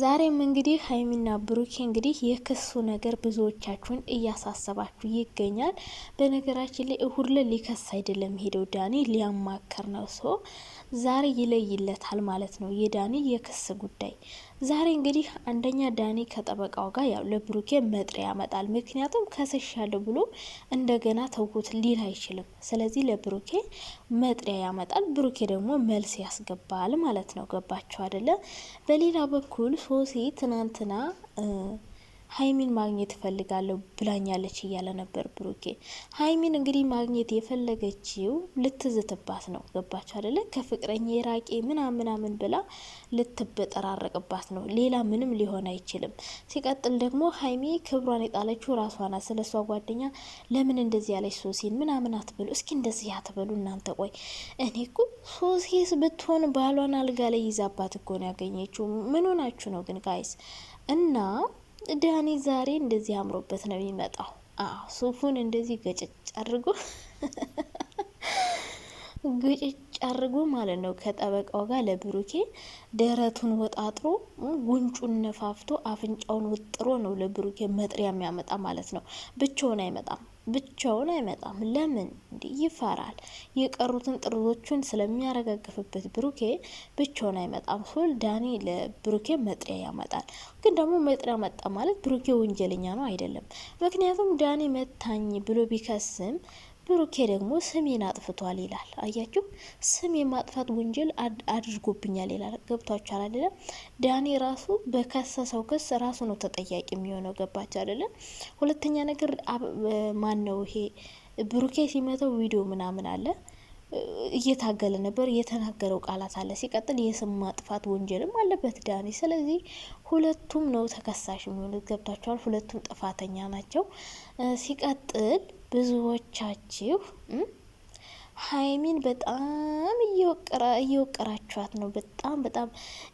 ዛሬም እንግዲህ ሀይሚና ብሩኬ እንግዲህ የክሱ ነገር ብዙዎቻችሁን እያሳሰባችሁ ይገኛል። በነገራችን ላይ እሁድ ላይ ሊከስ አይደለም ሄደው ዳኒ ሊያማከር ነው። ሰው ዛሬ ይለይለታል ማለት ነው የዳኒ የክስ ጉዳይ ዛሬ እንግዲህ አንደኛ ዳኒ ከጠበቃው ጋር ያው ለብሩኬ መጥሪያ ያመጣል። ምክንያቱም ከሰሻለሁ ብሎ እንደገና ተውኩት ሊል አይችልም። ስለዚህ ለብሩኬ መጥሪያ ያመጣል። ብሩኬ ደግሞ መልስ ያስገባል ማለት ነው። ገባቸው አይደለም? በሌላ በኩል ሶሴ ትናንትና ሀይሚን ማግኘት እፈልጋለሁ ብላኛለች እያለ ነበር ብሩኬ። ሀይሚን እንግዲህ ማግኘት የፈለገችው ልትዝትባት ነው። ገባች አደለ? ከፍቅረኛ የራቄ ምናምን ምናምን ብላ ልትበጠራረቅባት ነው። ሌላ ምንም ሊሆን አይችልም። ሲቀጥል ደግሞ ሀይሚ ክብሯን የጣለችው ራሷና ስለ እሷ ጓደኛ ለምን እንደዚህ ያለች ሶሲን ምናምን አትበሉ። እስኪ እንደዚህ አትበሉ እናንተ። ቆይ እኔ እኮ ሶሲስ ብትሆን ባሏን አልጋ ላይ ይዛባት እኮ ነው ያገኘችው። ምን ሆናችሁ ነው ግን ጋይስ እና ዳኒ ዛሬ እንደዚህ አምሮበት ነው የሚመጣው። ሱፉን እንደዚህ ገጭጭ አድርጎ ግጭጭ አድርጎ ማለት ነው ከጠበቃው ጋር ለብሩኬ ደረቱን ወጣጥሮ ጉንጩን ነፋፍቶ አፍንጫውን ወጥሮ ነው ለብሩኬ መጥሪያ የሚያመጣ ማለት ነው። ብቻውን አይመጣም። ብቻውን አይመጣም። ለምን ይፈራል? የቀሩትን ጥርዞቹን ስለሚያረጋግፍበት ብሩኬ ብቻውን አይመጣም ሁል ዳኒ ለብሩኬ መጥሪያ ያመጣል። ግን ደግሞ መጥሪያ መጣ ማለት ብሩኬ ወንጀለኛ ነው አይደለም። ምክንያቱም ዳኒ መታኝ ብሎ ቢከስም ብሩኬ ደግሞ ስሜን አጥፍቷል ይላል። አያችሁ ስም የማጥፋት ወንጀል አድርጎብኛል ይላል። ገብቷችኋል አይደለም? ዳኔ ራሱ በከሰሰው ክስ ራሱ ነው ተጠያቂ የሚሆነው። ገባቸው አይደለም? ሁለተኛ ነገር ማን ነው ይሄ ብሩኬ ሲመተው ቪዲዮ ምናምን አለ እየታገለ ነበር። የተናገረው ቃላት አለ። ሲቀጥል የስም ማጥፋት ወንጀልም አለበት ዳኒ። ስለዚህ ሁለቱም ነው ተከሳሽ የሚሆኑት። ገብቷቸዋል። ሁለቱም ጥፋተኛ ናቸው። ሲቀጥል ብዙዎቻችሁ ሀይሚን በጣም እየወቀራችኋት ነው። በጣም በጣም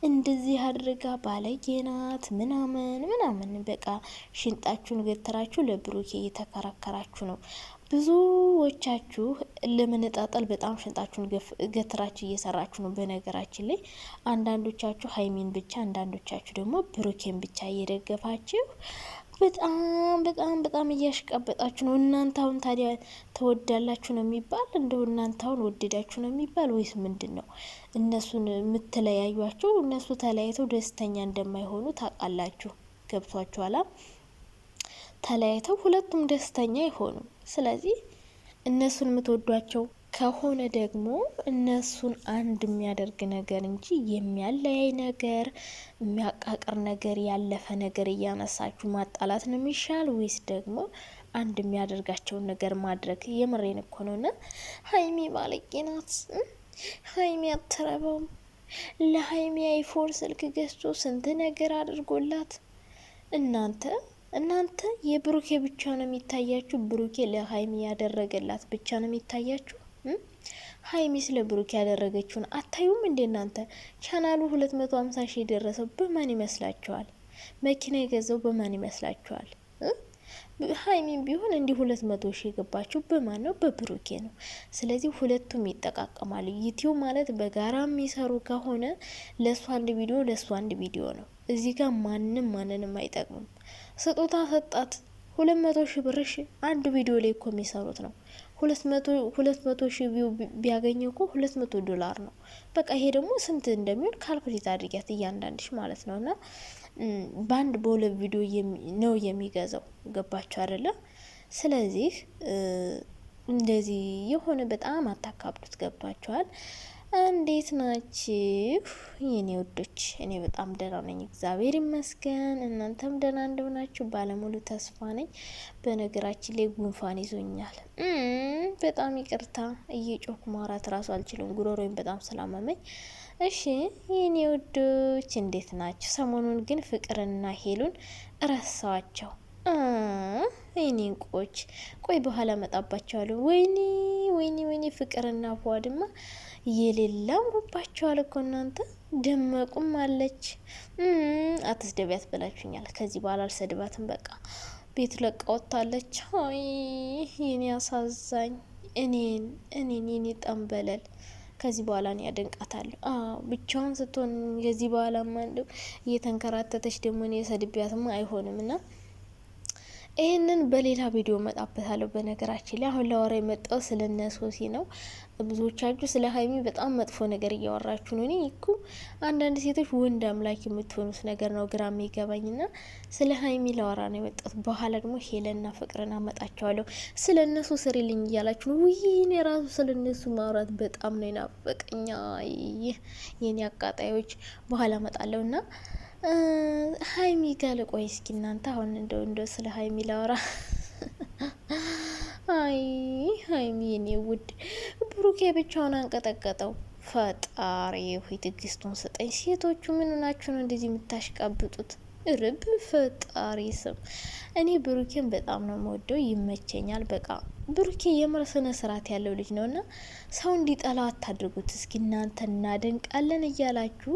እንደዚህ አድርጋ ባለጌናት ምናምን ምናምን በቃ ሽንጣችሁን ገትራችሁ ለብሩኬ እየተከራከራችሁ ነው። ብዙዎቻችሁ ለመነጣጠል በጣም ሽንጣችሁን ገትራችሁ እየሰራችሁ ነው። በነገራችን ላይ አንዳንዶቻችሁ ሀይሚን ብቻ፣ አንዳንዶቻችሁ ደግሞ ብሩኬን ብቻ እየደገፋችሁ በጣም በጣም በጣም እያሽቃበጣችሁ ነው እናንተ። አሁን ታዲያ ተወዳላችሁ ነው የሚባል እንደው እናንተ አሁን ወደዳችሁ ነው የሚባል ወይስ ምንድን ነው? እነሱን የምትለያዩቸው እነሱ ተለያይተው ደስተኛ እንደማይሆኑ ታውቃላችሁ። ገብቷችኋላ? ተለያይተው ሁለቱም ደስተኛ አይሆኑም። ስለዚህ እነሱን የምትወዷቸው ከሆነ ደግሞ እነሱን አንድ የሚያደርግ ነገር እንጂ የሚያለያይ ነገር የሚያቃቅር ነገር ያለፈ ነገር እያነሳችሁ ማጣላት ነው የሚሻል ወይስ ደግሞ አንድ የሚያደርጋቸውን ነገር ማድረግ? የምሬን እኮ ነው። ና ሀይሚ ባለጌ ናት። ሀይሚ አትረበውም። ለሀይሚ አይፎን ስልክ ገዝቶ ስንት ነገር አድርጎላት እናንተ እናንተ የብሩኬ ብቻ ነው የሚታያችሁ። ብሩኬ ለሀይሚ ያደረገላት ብቻ ነው የሚታያችሁ። ሀይሚ ስለ ብሩክ ያደረገችውን አታዩም እንዴ እናንተ? ቻናሉ ሁለት መቶ 250 ሺህ የደረሰው በማን ይመስላችኋል? መኪና የገዛው በማን ይመስላችኋል? ሀይሚም ቢሆን እንዲህ ሁለት መቶ ሺህ የገባችው በማን ነው? በብሩኬ ነው። ስለዚህ ሁለቱም ይጠቃቀማሉ። ዩቲዩብ ማለት በጋራ የሚሰሩ ከሆነ ለእሱ አንድ ቪዲዮ ለእሱ አንድ ቪዲዮ ነው። እዚህ ጋር ማንም ማንንም አይጠቅምም። ስጦታ ሰጣት ሁለት መቶ ሺህ ብርሽ አንድ ቪዲዮ ላይ እኮ የሚሰሩት ነው ሁለት መቶ ሺ መቶ ሺህ ቪው ቢያገኝ እኮ ሁለት መቶ ዶላር ነው። በቃ ይሄ ደግሞ ስንት እንደሚሆን ካልኩሌት አድርጊያት እያንዳንድሽ ማለት ነው። እና በአንድ በሁለት ቪዲዮ ነው የሚገዛው። ገባችሁ አይደለም? ስለዚህ እንደዚህ የሆነ በጣም አታካብዱት። ገብቷችኋል? እንዴት ናችሁ የኔ ውዶች? እኔ በጣም ደህና ነኝ፣ እግዚአብሔር ይመስገን። እናንተም ደህና እንደሆናችሁ ባለሙሉ ተስፋ ነኝ። በነገራችን ላይ ጉንፋን ይዞኛል። በጣም ይቅርታ፣ እየጮኩ ማውራት እራሱ አልችልም፣ ጉሮሮኝ በጣም ስላመመኝ። እሺ የኔ ውዶች እንዴት ናችሁ? ሰሞኑን ግን ፍቅርና ሄሉን እረሳዋቸው። ይኔን ቆች ቆይ በኋላ መጣባቸዋለሁ። ወይኔ ወይኔ ወይኔ ፍቅርና ፏድማ የሌላ ጉባቸዋል እኮ እናንተ። ደመቁም አለች አትስደቢያት ብላችሁኛል። ከዚህ በኋላ አልሰድባትም። በቃ ቤት ለቃ ወጥታለች። አይ የኔ አሳዛኝ፣ እኔን እኔን የኔ ጠንበለል ከዚህ በኋላ እኔ ያደንቃታለሁ። ብቻውን ስትሆን ከዚህ በኋላ ማንደው እየተንከራተተች ደግሞ እኔ ሰድቢያትማ አይሆንም እና ይህንን በሌላ ቪዲዮ መጣበታለሁ። በነገራችን ላይ አሁን ለወራ የመጣው ስለ እነ ሶሲ ነው። ብዙዎቻችሁ ስለ ሀይሚ በጣም መጥፎ ነገር እያወራችሁ ነው። እኔ እኮ አንዳንድ ሴቶች ወንድ አምላክ የምትሆኑት ነገር ነው ግራ የሚገባኝ ና ስለ ሀይሚ ለወራ ነው የመጣት በኋላ ደግሞ ሄለና ፍቅርን አመጣቸዋለሁ። ስለ እነሱ ስሪልኝ እያላችሁ ነው። ውይ እኔ ራሱ ስለ እነሱ ማውራት በጣም ነው ናፈቀኛ። ይህ የኔ አቃጣዮች በኋላ እመጣለሁ ና ሀይሚ ጋር ልቆይ እስኪ እናንተ አሁን እንደው እንደው ስለ ሀይሚ ላወራ። አይ ሀይሚ የኔ ውድ ብሩኬ ብቻውን አንቀጠቀጠው። ፈጣሪ ሆይ ትግስቱን ስጠኝ። ሴቶቹ ምን ናችሁ ነው እንደዚህ የምታሽቃብጡት? ርብ ፈጣሪ ስም እኔ ብሩኬን በጣም ነው የምወደው፣ ይመቸኛል። በቃ ብሩኬ የምር ስነ ስርዓት ያለው ልጅ ነው እና ሰው እንዲጠላ አታድርጉት። እስኪ እናንተ እናደንቃለን እያላችሁ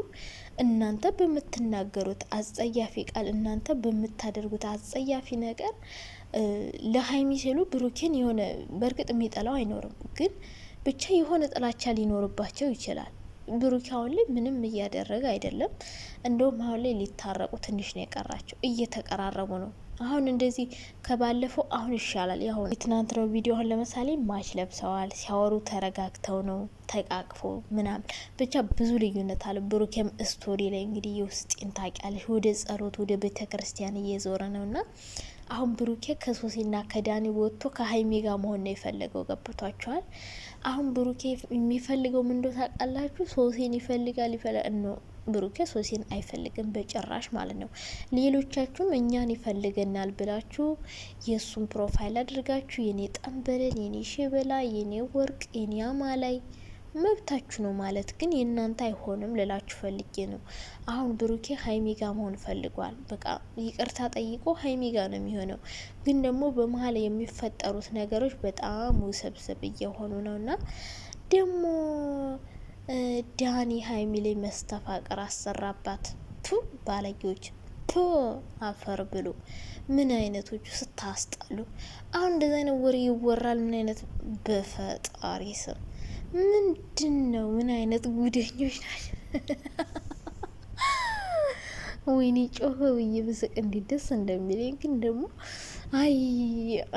እናንተ በምትናገሩት አጸያፊ ቃል፣ እናንተ በምታደርጉት አጸያፊ ነገር ለሀይሚ ሲሉ ብሩኬን የሆነ በእርግጥ የሚጠላው አይኖርም፣ ግን ብቻ የሆነ ጥላቻ ሊኖርባቸው ይችላል። ብሩክ አሁን ላይ ምንም እያደረገ አይደለም። እንደውም አሁን ላይ ሊታረቁ ትንሽ ነው የቀራቸው፣ እየተቀራረቡ ነው። አሁን እንደዚህ ከባለፈው አሁን ይሻላል። ያሁን የትናንት ነው ቪዲዮ አሁን ለምሳሌ ማች ለብሰዋል፣ ሲያወሩ ተረጋግተው ነው ተቃቅፎ ምናምን ብቻ ብዙ ልዩነት አለ። ብሩኬም ስቶሪ ላይ እንግዲህ የውስጤን ታውቂያለሽ፣ ወደ ጸሎት ወደ ቤተ ክርስቲያን እየዞረ ነው እና አሁን ብሩኬ ከሶሲና ከዳኒ ወጥቶ ከሀይሚ ጋር መሆን ነው የፈለገው። ገብቷቸዋል። አሁን ብሩኬ የሚፈልገው ምንዶ ታውቃላችሁ? ሶሲን ይፈልጋል ይፈልጋል ነው ብሩኬ ሶሲን አይፈልግም በጭራሽ ማለት ነው። ሌሎቻችሁም እኛን ይፈልገናል ብላችሁ የእሱን ፕሮፋይል አድርጋችሁ የኔ ጠንበለን፣ የኔ ሸበላ፣ የኔ ወርቅ፣ የኔ አማላይ መብታችሁ ነው ማለት ግን የእናንተ አይሆንም ልላችሁ ፈልጌ ነው። አሁን ብሩኬ ሀይሚ ጋ መሆን ፈልጓል። በቃ ይቅርታ ጠይቆ ሀይሚ ጋ ነው የሚሆነው። ግን ደግሞ በመሀል የሚፈጠሩት ነገሮች በጣም ውስብስብ እየሆኑ ነው እና ደግሞ ዳኒ ሀይሚ ላይ መስተፋቅር አሰራባት። ቱ ባለጌዎች ቱ አፈር ብሎ ምን አይነቶቹ ስታስጣሉ! አሁን እንደዚ አይነት ወሬ ይወራል። ምን አይነት በፈጣሪ ስም ምንድን ነው? ምን አይነት ጉደኞች ናቸው? ወይኔ ጮኸ ብዬ ብስቅ እንዴት ደስ እንደሚለኝ ግን ደግሞ አይ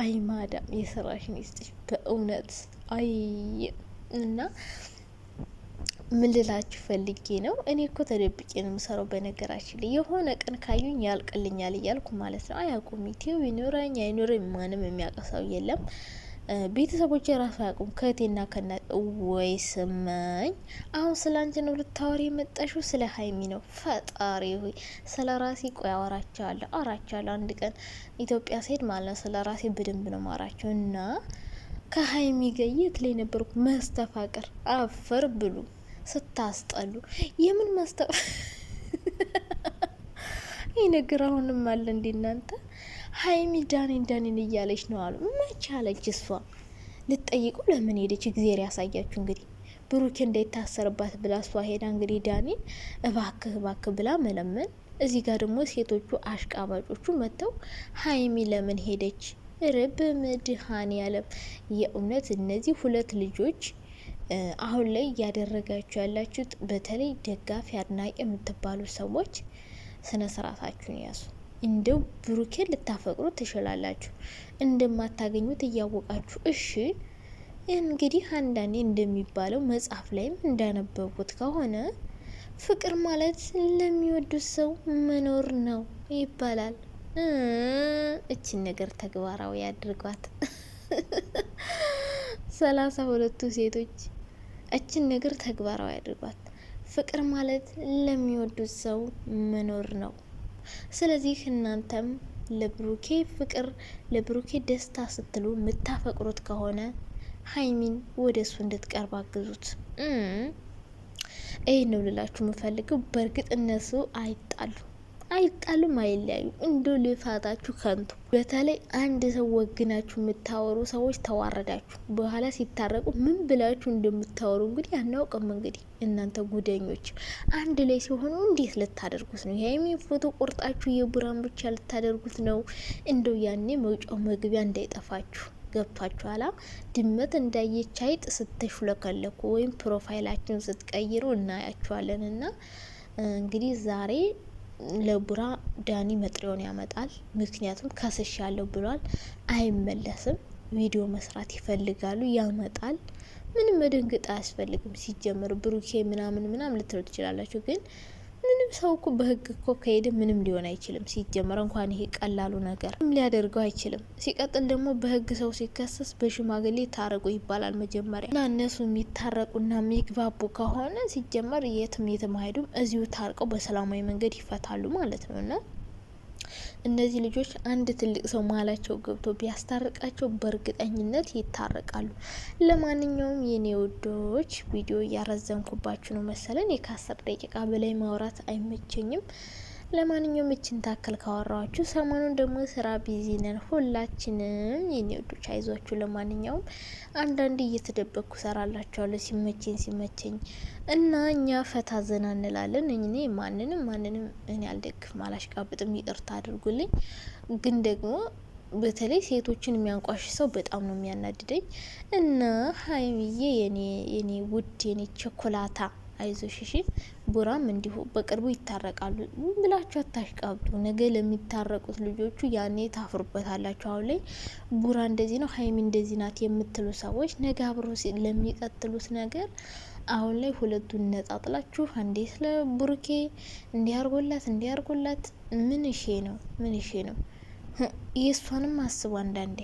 አይ ማዳም የሰራሽን ይስጥሽ በእውነት አይ እና ምን ልላችሁ ፈልጌ ነው። እኔ እኮ ተደብቄ ነው የምሰራው። በነገራችን ላይ የሆነ ቀን ካዩኝ ያልቅልኛል እያልኩ ማለት ነው። አያውቁም። ዩቲዩብ ይኑረኝ አይኑረኝ ማንም የሚያውቀው ሰው የለም። ቤተሰቦች የራሱ አያውቁም። ከቴና ከና ወይ ስመኝ አሁን ስለ አንቺ ነው ልታወሪ የመጣሽው? ስለ ሀይሚ ነው? ፈጣሪ ሆይ ስለ ራሴ ቆይ አወራቸዋለሁ አወራቸዋለሁ። አንድ ቀን ኢትዮጵያ ስሄድ ማለት ነው ስለ ራሴ በደንብ ነው ማራቸው እና ከሀይሚ ጋር የት ላይ ነበርኩ? መስተፋቅር አፈር ብሉ ስታስጠሉ። የምን መስተፋ ይህ ነገር አሁንም አለ እንዴ እናንተ? ሀይሚ ዳኔን ዳኔን እያለች ነው አሉ። አለች እሷ ልትጠይቁ ለምን ሄደች? እግዜር ያሳያችሁ። እንግዲህ ብሩክ እንዳይታሰርባት ብላ እሷ ሄዳ እንግዲህ ዳኔን እባክህ እባክህ ብላ መለመን። እዚህ ጋር ደግሞ ሴቶቹ አሽቃባጮቹ መጥተው ሀይሚ ለምን ሄደች? ርብ ምድሃን ያለም የእውነት እነዚህ ሁለት ልጆች አሁን ላይ እያደረጋችሁ ያላችሁት በተለይ ደጋፊ አድናቂ የምትባሉ ሰዎች ስነ ስርዓታችሁን ያዙ። እንደው ብሩኬን ልታፈቅሩ ትችላላችሁ፣ እንደማታገኙት እያወቃችሁ እሺ። እንግዲህ አንዳንዴ እንደሚባለው መጽሐፍ ላይም እንዳነበብኩት ከሆነ ፍቅር ማለት ለሚወዱት ሰው መኖር ነው ይባላል። እችን ነገር ተግባራዊ አድርጓት። ሰላሳ ሁለቱ ሴቶች እችን ነገር ተግባራዊ አድርጓት። ፍቅር ማለት ለሚወዱት ሰው መኖር ነው። ስለዚህ እናንተም ለብሩኬ ፍቅር ለብሩኬ ደስታ ስትሉ የምታፈቅሩት ከሆነ ሀይሚን ወደ እሱ እንድትቀርብ አግዙት። ይህ ነው ልላችሁ የምፈልገው። በእርግጥ እነሱ አይጣሉ አይጣሉም፣ አይለያዩም። እንዶ ልፋታችሁ ከንቱ። በተለይ አንድ ሰው ወግናችሁ የምታወሩ ሰዎች ተዋረዳችሁ፣ በኋላ ሲታረቁ ምን ብላችሁ እንደምታወሩ እንግዲህ አናውቅም። እንግዲህ እናንተ ጉደኞች አንድ ላይ ሲሆኑ እንዴት ልታደርጉት ነው? የሀይሚን ፎቶ ቆርጣችሁ የቡራን ብቻ ልታደርጉት ነው? እንደው ያኔ መውጫው መግቢያ እንዳይጠፋችሁ ገብቷችሁ ኋላ ድመት እንዳየች አይጥ ስትሽለከለኩ ወይም ፕሮፋይላችን ስትቀይሩ እናያችኋለን። እና እንግዲህ ዛሬ ለቡራ ዳኒ መጥሪያውን ያመጣል። ምክንያቱም ከስሽ ያለው ብሏል፣ አይመለስም። ቪዲዮ መስራት ይፈልጋሉ፣ ያመጣል። ምንም መደንግጥ አያስፈልግም። ሲጀመር ብሩኬ ምናምን ምናምን ልትሉ ትችላላችሁ ግን ምንም ሰው እኮ በህግ እኮ ከሄደ ምንም ሊሆን አይችልም። ሲጀመር እንኳን ይሄ ቀላሉ ነገር ሊያደርገው አይችልም። ሲቀጥል ደግሞ በህግ ሰው ሲከሰስ በሽማግሌ ታረቁ ይባላል መጀመሪያ እና እነሱ የሚታረቁና የሚግባቡ ከሆነ ሲጀመር የትም የትም አይሄዱም። እዚሁ ታርቀው በሰላማዊ መንገድ ይፈታሉ ማለት ነው እና እነዚህ ልጆች አንድ ትልቅ ሰው መሀላቸው ገብቶ ቢያስታርቃቸው በእርግጠኝነት ይታረቃሉ። ለማንኛውም የኔ ውዶች ቪዲዮ እያረዘምኩባችሁ ነው መሰለን፣ የከአስር ደቂቃ በላይ ማውራት አይመቸኝም። ለማንኛውም እችን ታክል ካወራችሁ፣ ሰሞኑን ደግሞ ስራ ቢዚ ነን ሁላችንም የኔ ወዶች፣ አይዟችሁ። ለማንኛውም አንዳንድ እየተደበቅኩ ሰራላችኋለሁ ሲመቸኝ ሲመቸኝ እና እኛ ፈታ ዘና እንላለን። እኔ ማንንም ማንንም እኔ አልደግፍም አላሽቃብጥም፣ ይቅርታ አድርጉልኝ። ግን ደግሞ በተለይ ሴቶችን የሚያንቋሽ ሰው በጣም ነው የሚያናድደኝ እና ሀይሚዬ የኔ ውድ የኔ ቸኮላታ አይዞሽ እሺ፣ ቡራም እንዲሁ በቅርቡ ይታረቃሉ ብላችሁ አታሽቃብጡ። ነገ ለሚታረቁት ልጆቹ ያኔ ታፍሩበታላችሁ። አሁን ላይ ቡራ እንደዚህ ነው፣ ሀይሚ እንደዚህ ናት የምትሉ ሰዎች ነገ አብሮ ለሚቀጥሉት ነገር አሁን ላይ ሁለቱን ነጣጥላችሁ አንዴ ስለ ቡርኬ እንዲያርጎላት እንዲያርጎላት ምን ሼ ነው ምን ሼ ነው የእሷንም አስቡ አንዳንዴ